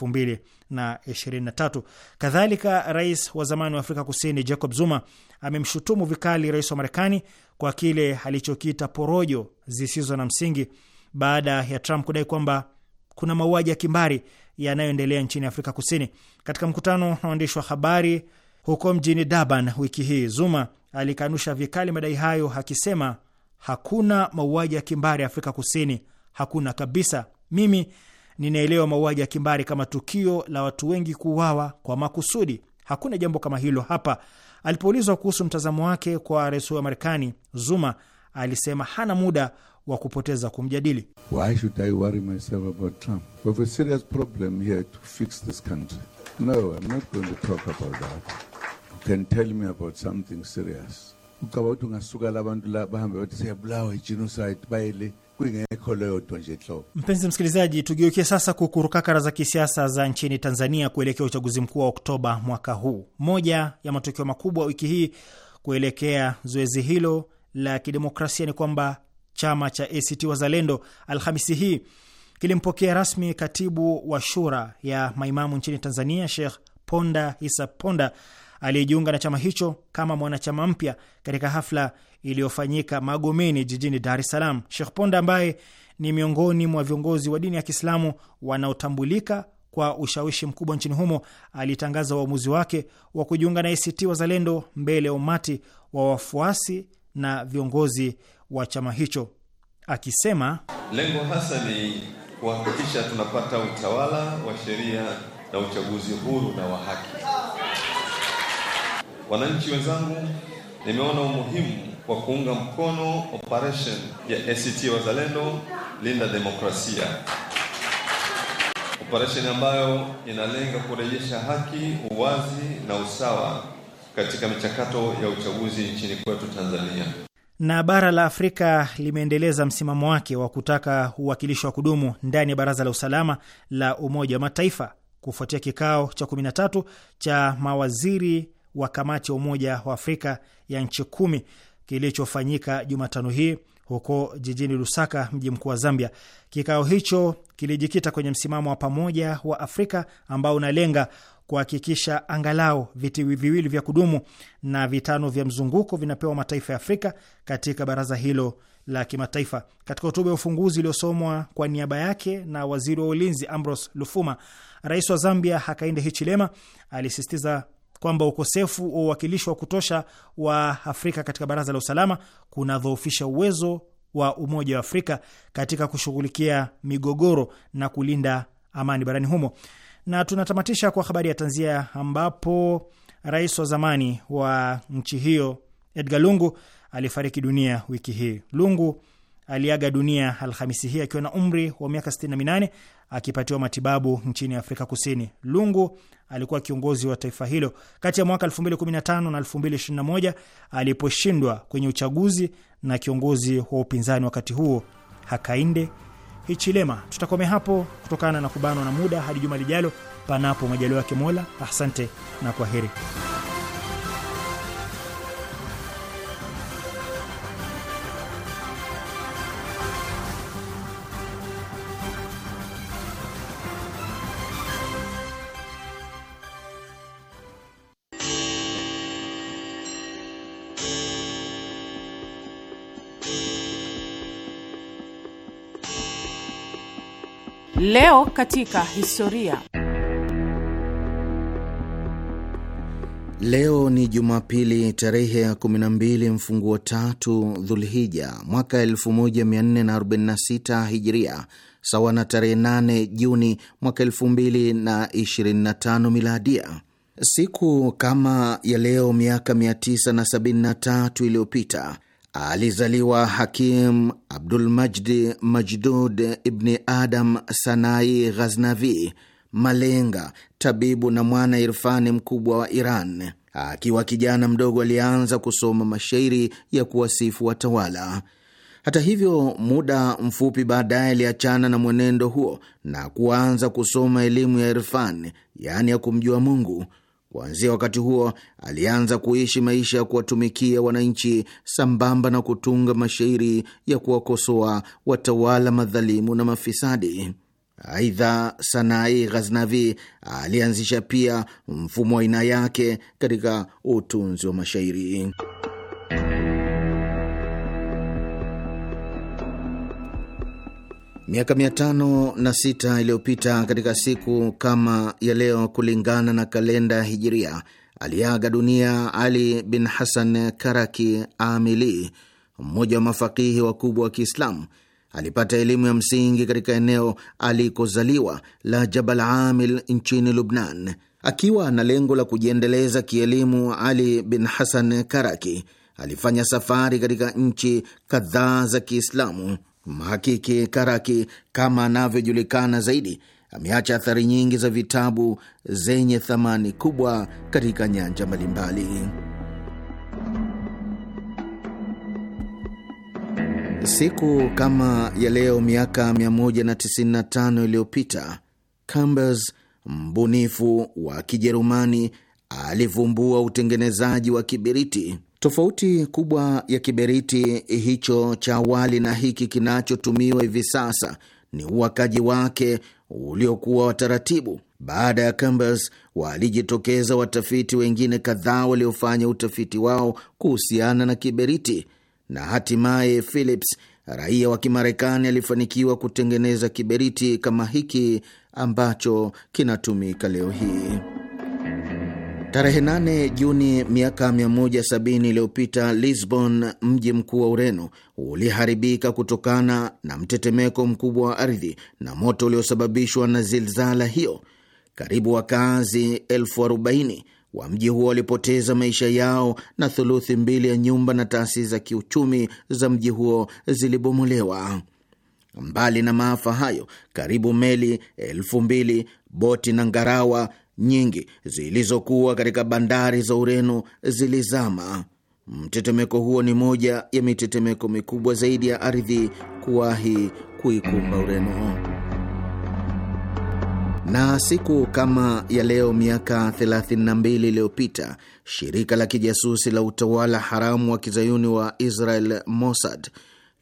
tatu. Kadhalika, rais wa zamani wa Afrika Kusini Jacob Zuma amemshutumu vikali rais wa Marekani kwa kile alichokiita porojo zisizo na msingi baada ya Trump kudai kwamba kuna mauaji ya kimbari yanayoendelea nchini Afrika Kusini. Katika mkutano na waandishi wa habari huko mjini Durban wiki hii. Zuma alikanusha vikali madai hayo akisema, hakuna mauaji ya kimbari Afrika Kusini, hakuna kabisa. Mimi ninaelewa mauaji ya kimbari kama tukio la watu wengi kuuawa kwa makusudi. Hakuna jambo kama hilo hapa. Alipoulizwa kuhusu mtazamo wake kwa rais wa Marekani, Zuma alisema hana muda wa kupoteza kumjadili. No, can tell me about something serious ucaba ukuthi la bahambe bathi siyabulawa bayele kwingekho nje Mpenzi msikilizaji, tugeukie sasa kukurukakara za kisiasa za nchini Tanzania kuelekea uchaguzi mkuu wa Oktoba mwaka huu. Moja ya matokeo makubwa wiki hii kuelekea zoezi hilo la kidemokrasia ni kwamba chama cha ACT Wazalendo Alhamisi hii kilimpokea rasmi katibu wa shura ya maimamu nchini Tanzania Sheikh Ponda Isa Ponda aliyejiunga na chama hicho kama mwanachama mpya katika hafla iliyofanyika Magomeni jijini Dar es Salaam. Sheikh Ponda ambaye ni miongoni mwa viongozi wa dini ya Kiislamu wanaotambulika kwa ushawishi mkubwa nchini humo alitangaza uamuzi wake wa kujiunga na ACT Wazalendo mbele ya umati wa wafuasi na viongozi wa chama hicho, akisema lengo hasa ni kuhakikisha tunapata utawala wa sheria na uchaguzi huru na wa haki. Wananchi wenzangu, nimeona umuhimu wa kuunga mkono operation ya ACT Wazalendo Linda Demokrasia, operation ambayo inalenga kurejesha haki, uwazi na usawa katika michakato ya uchaguzi nchini kwetu Tanzania. Na bara la Afrika limeendeleza msimamo wake wa kutaka uwakilishi wa kudumu ndani ya Baraza la Usalama la Umoja wa Mataifa kufuatia kikao cha 13 cha mawaziri wa kamati ya Umoja wa Afrika ya nchi kumi kilichofanyika Jumatano hii huko jijini Lusaka, mji mkuu wa Zambia. Kikao hicho kilijikita kwenye msimamo wa pamoja wa Afrika ambao unalenga kuhakikisha angalau viti viwili vya kudumu na vitano vya mzunguko vinapewa mataifa ya Afrika katika baraza hilo la kimataifa. Katika hotuba ya ufunguzi iliyosomwa kwa niaba yake na waziri wa ulinzi Ambrose Lufuma, rais wa Zambia Hakainde Hichilema alisisitiza kwamba ukosefu wa uwakilishi wa kutosha wa Afrika katika Baraza la Usalama kunadhoofisha uwezo wa Umoja wa Afrika katika kushughulikia migogoro na kulinda amani barani humo. Na tunatamatisha kwa habari ya tanzia ambapo rais wa zamani wa nchi hiyo Edgar Lungu alifariki dunia wiki hii. Lungu aliaga dunia Alhamisi hii akiwa na umri wa miaka 68 akipatiwa matibabu nchini Afrika Kusini. Lungu alikuwa kiongozi wa taifa hilo kati ya mwaka 2015 na 2021 aliposhindwa kwenye uchaguzi na kiongozi wa upinzani wakati huo Hakainde Hichilema. Tutakomea hapo kutokana na kubanwa na muda, hadi juma lijalo, panapo majaliwa yake Mola. Asante na kwaheri. Leo katika historia. Leo ni Jumapili tarehe ya 12 mfunguo tatu Dhulhija mwaka 1446 Hijria, sawa na tarehe 8 Juni mwaka 2025 Miladia. Siku kama ya leo miaka 973 iliyopita alizaliwa Hakim Abdulmajdi Majdud Ibni Adam Sanai Ghaznavi, malenga, tabibu na mwana irfani mkubwa wa Iran. Akiwa kijana mdogo alianza kusoma mashairi ya kuwasifu watawala. Hata hivyo, muda mfupi baadaye aliachana na mwenendo huo na kuanza kusoma elimu ya irfani, yaani ya kumjua Mungu. Kuanzia wakati huo alianza kuishi maisha ya kuwatumikia wananchi sambamba na kutunga mashairi ya kuwakosoa watawala madhalimu na mafisadi. Aidha, Sanai Ghaznavi alianzisha pia mfumo wa aina yake katika utunzi wa mashairi. Miaka mia tano na sita iliyopita katika siku kama ya leo, kulingana na kalenda Hijiria, aliaga dunia Ali bin Hasan Karaki Amili, mmoja wa mafakihi wakubwa wa Kiislamu. Alipata elimu ya msingi katika eneo alikozaliwa la Jabal Amil nchini Lubnan. Akiwa na lengo la kujiendeleza kielimu, Ali bin Hasan Karaki alifanya safari katika nchi kadhaa za Kiislamu. Mhakiki Karaki, kama anavyojulikana zaidi, ameacha athari nyingi za vitabu zenye thamani kubwa katika nyanja mbalimbali. Siku kama ya leo miaka 195 iliyopita Cambers mbunifu wa Kijerumani alivumbua utengenezaji wa kibiriti. Tofauti kubwa ya kiberiti hicho cha awali na hiki kinachotumiwa hivi sasa ni uwakaji wake uliokuwa wa taratibu. Baada ya Cambers walijitokeza watafiti wengine kadhaa waliofanya utafiti wao kuhusiana na kiberiti, na hatimaye Phillips raia wa Kimarekani alifanikiwa kutengeneza kiberiti kama hiki ambacho kinatumika leo hii. Tarehe 8 Juni miaka 170 iliyopita Lisbon, mji mkuu wa Ureno, uliharibika kutokana na mtetemeko mkubwa wa ardhi na moto uliosababishwa na zilzala hiyo. Karibu wakazi elfu arobaini wa mji huo walipoteza maisha yao na thuluthi mbili ya nyumba na taasisi za kiuchumi za mji huo zilibomolewa. Mbali na maafa hayo, karibu meli elfu mbili, boti na ngarawa nyingi zilizokuwa katika bandari za Ureno zilizama. Mtetemeko huo ni moja ya mitetemeko mikubwa zaidi ya ardhi kuwahi kuikumba Ureno. Na siku kama ya leo miaka 32 iliyopita shirika la kijasusi la utawala haramu wa kizayuni wa Israel Mossad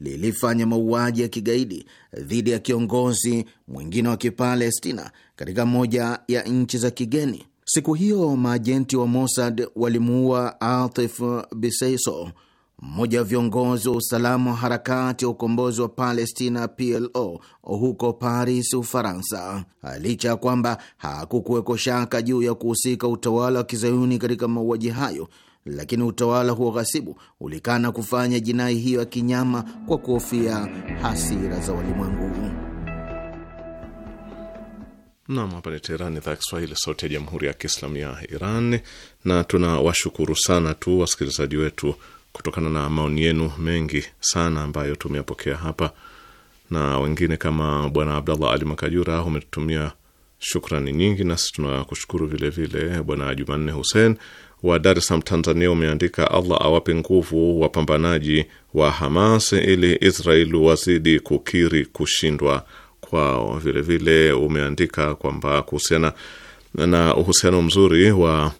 lilifanya mauaji ya kigaidi dhidi ya kiongozi mwingine wa Kipalestina katika moja ya nchi za kigeni. Siku hiyo maajenti wa Mossad walimuua Atif Biseiso, mmoja wa viongozi wa usalama wa harakati ya ukombozi wa Palestina PLO huko Paris, Ufaransa. Licha ya kwamba hakukuweko shaka juu ya kuhusika utawala wa kizayuni katika mauaji hayo, lakini utawala huo ghasibu ulikana kufanya jinai hiyo ya kinyama kwa kuhofia hasira za walimwengu. Nam, hapa ni Teherani, idhaa ya Kiswahili, sauti ya jamhuri ya kiislamu ya Iran. Na tunawashukuru sana tu wasikilizaji wetu kutokana na maoni yenu mengi sana ambayo tumeyapokea hapa, na wengine kama bwana Abdallah Ali Makajura umetutumia shukrani nyingi, nasi tunakushukuru vilevile. Bwana Jumanne Hussein wa Dar es Salaam, Tanzania, umeandika Allah awape nguvu wapambanaji wa Hamas ili Israel wazidi kukiri kushindwa kwao. Vilevile vile umeandika kwamba kuhusiana na uhusiano mzuri wa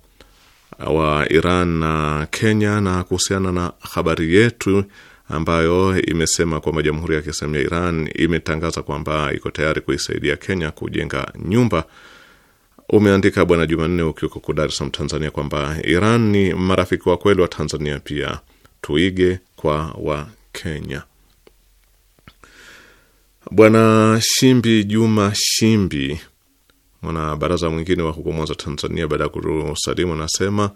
wa Iran na Kenya na kuhusiana na habari yetu ambayo imesema kwamba Jamhuri ya Kiislamu ya Iran imetangaza kwamba iko tayari kuisaidia Kenya kujenga nyumba. Umeandika Bwana Jumanne ukiwa ku Dar es Salaam, Tanzania, kwamba Iran ni marafiki wa kweli wa Tanzania, pia tuige kwa Wakenya. Bwana Shimbi Juma Shimbi, mwanabaraza mwingine wa huko Mwanza, Tanzania, baada ya kusalimu anasema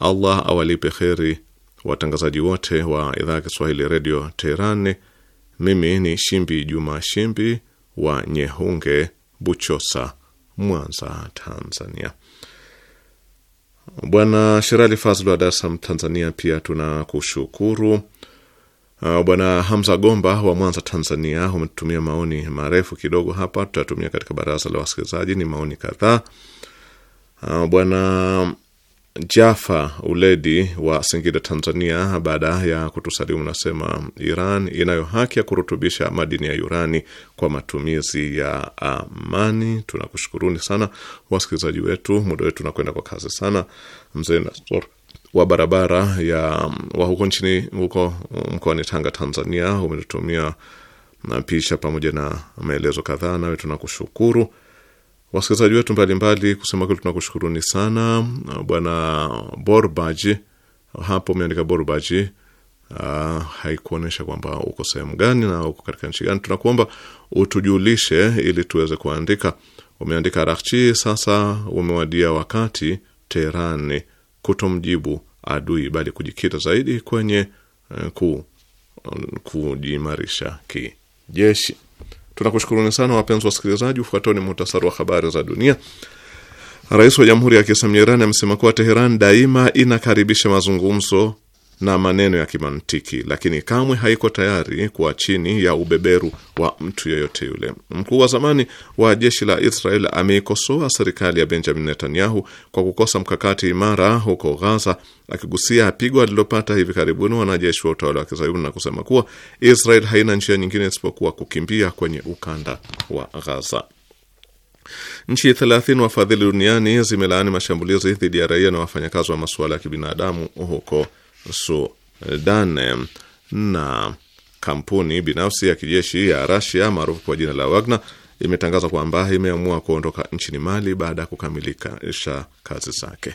Allah awalipe kheri watangazaji wote wa idhaa ya Kiswahili Redio Teheran. Mimi ni Shimbi Juma Shimbi wa Nyehunge, Buchosa, Mwanza, Tanzania. Bwana Sherali Fazl wa Dar es Salaam, Tanzania, pia tunakushukuru. Uh, Bwana Hamza Gomba wa Mwanza, Tanzania, umetumia maoni marefu kidogo hapa, tutatumia katika baraza la wasikilizaji, ni maoni kadhaa. Uh, Bwana Jafa Uledi wa Singida, Tanzania, baada ya kutusalimu nasema, Iran inayo haki ya kurutubisha madini ya urani kwa matumizi ya amani. Tunakushukuruni sana wasikilizaji wetu, muda wetu unakwenda kwa kasi sana. Mzee Nasor wa barabara ya wa huko nchini huko um, mkoani Tanga, Tanzania, umetutumia na picha pamoja na maelezo kadhaa, nawe tunakushukuru. Wasikilizaji wetu mbalimbali, kusema kweli, tunakushukuruni sana. Bwana Borbaji hapo umeandika Borbaji. Uh, ah, haikuonyesha kwamba uko sehemu gani na uko katika nchi gani. Tunakuomba utujulishe ili tuweze kuandika. Umeandika Araghchi, sasa umewadia wakati Teherani kutomjibu adui, bali kujikita zaidi kwenye eh, ku, kujiimarisha kijeshi. Tunakushukuruni sana wapenzi wasikilizaji. Ufuatao ni muhtasari wa habari za dunia. Rais wa Jamhuri ya Kiislamu iran amesema kuwa Teheran daima inakaribisha mazungumzo na maneno ya kimantiki, lakini kamwe haiko tayari kuwa chini ya ubeberu wa mtu yeyote yule. Mkuu wa zamani wa jeshi la Israel ameikosoa serikali ya Benjamin Netanyahu kwa kukosa mkakati imara huko Gaza, akigusia pigo alilopata hivi karibuni wanajeshi wa utawala wa kizayuni na kusema kuwa Israel haina njia nyingine isipokuwa kukimbia kwenye ukanda wa Gaza. Nchi 30 wafadhili duniani zimelaani mashambulizi dhidi ya raia na wafanyakazi wa masuala ya kibinadamu huko Sudan eh, na kampuni binafsi ya kijeshi ya Rasia maarufu kwa jina la Wagner imetangaza kwamba imeamua kuondoka nchini Mali baada ya kukamilisha kazi zake.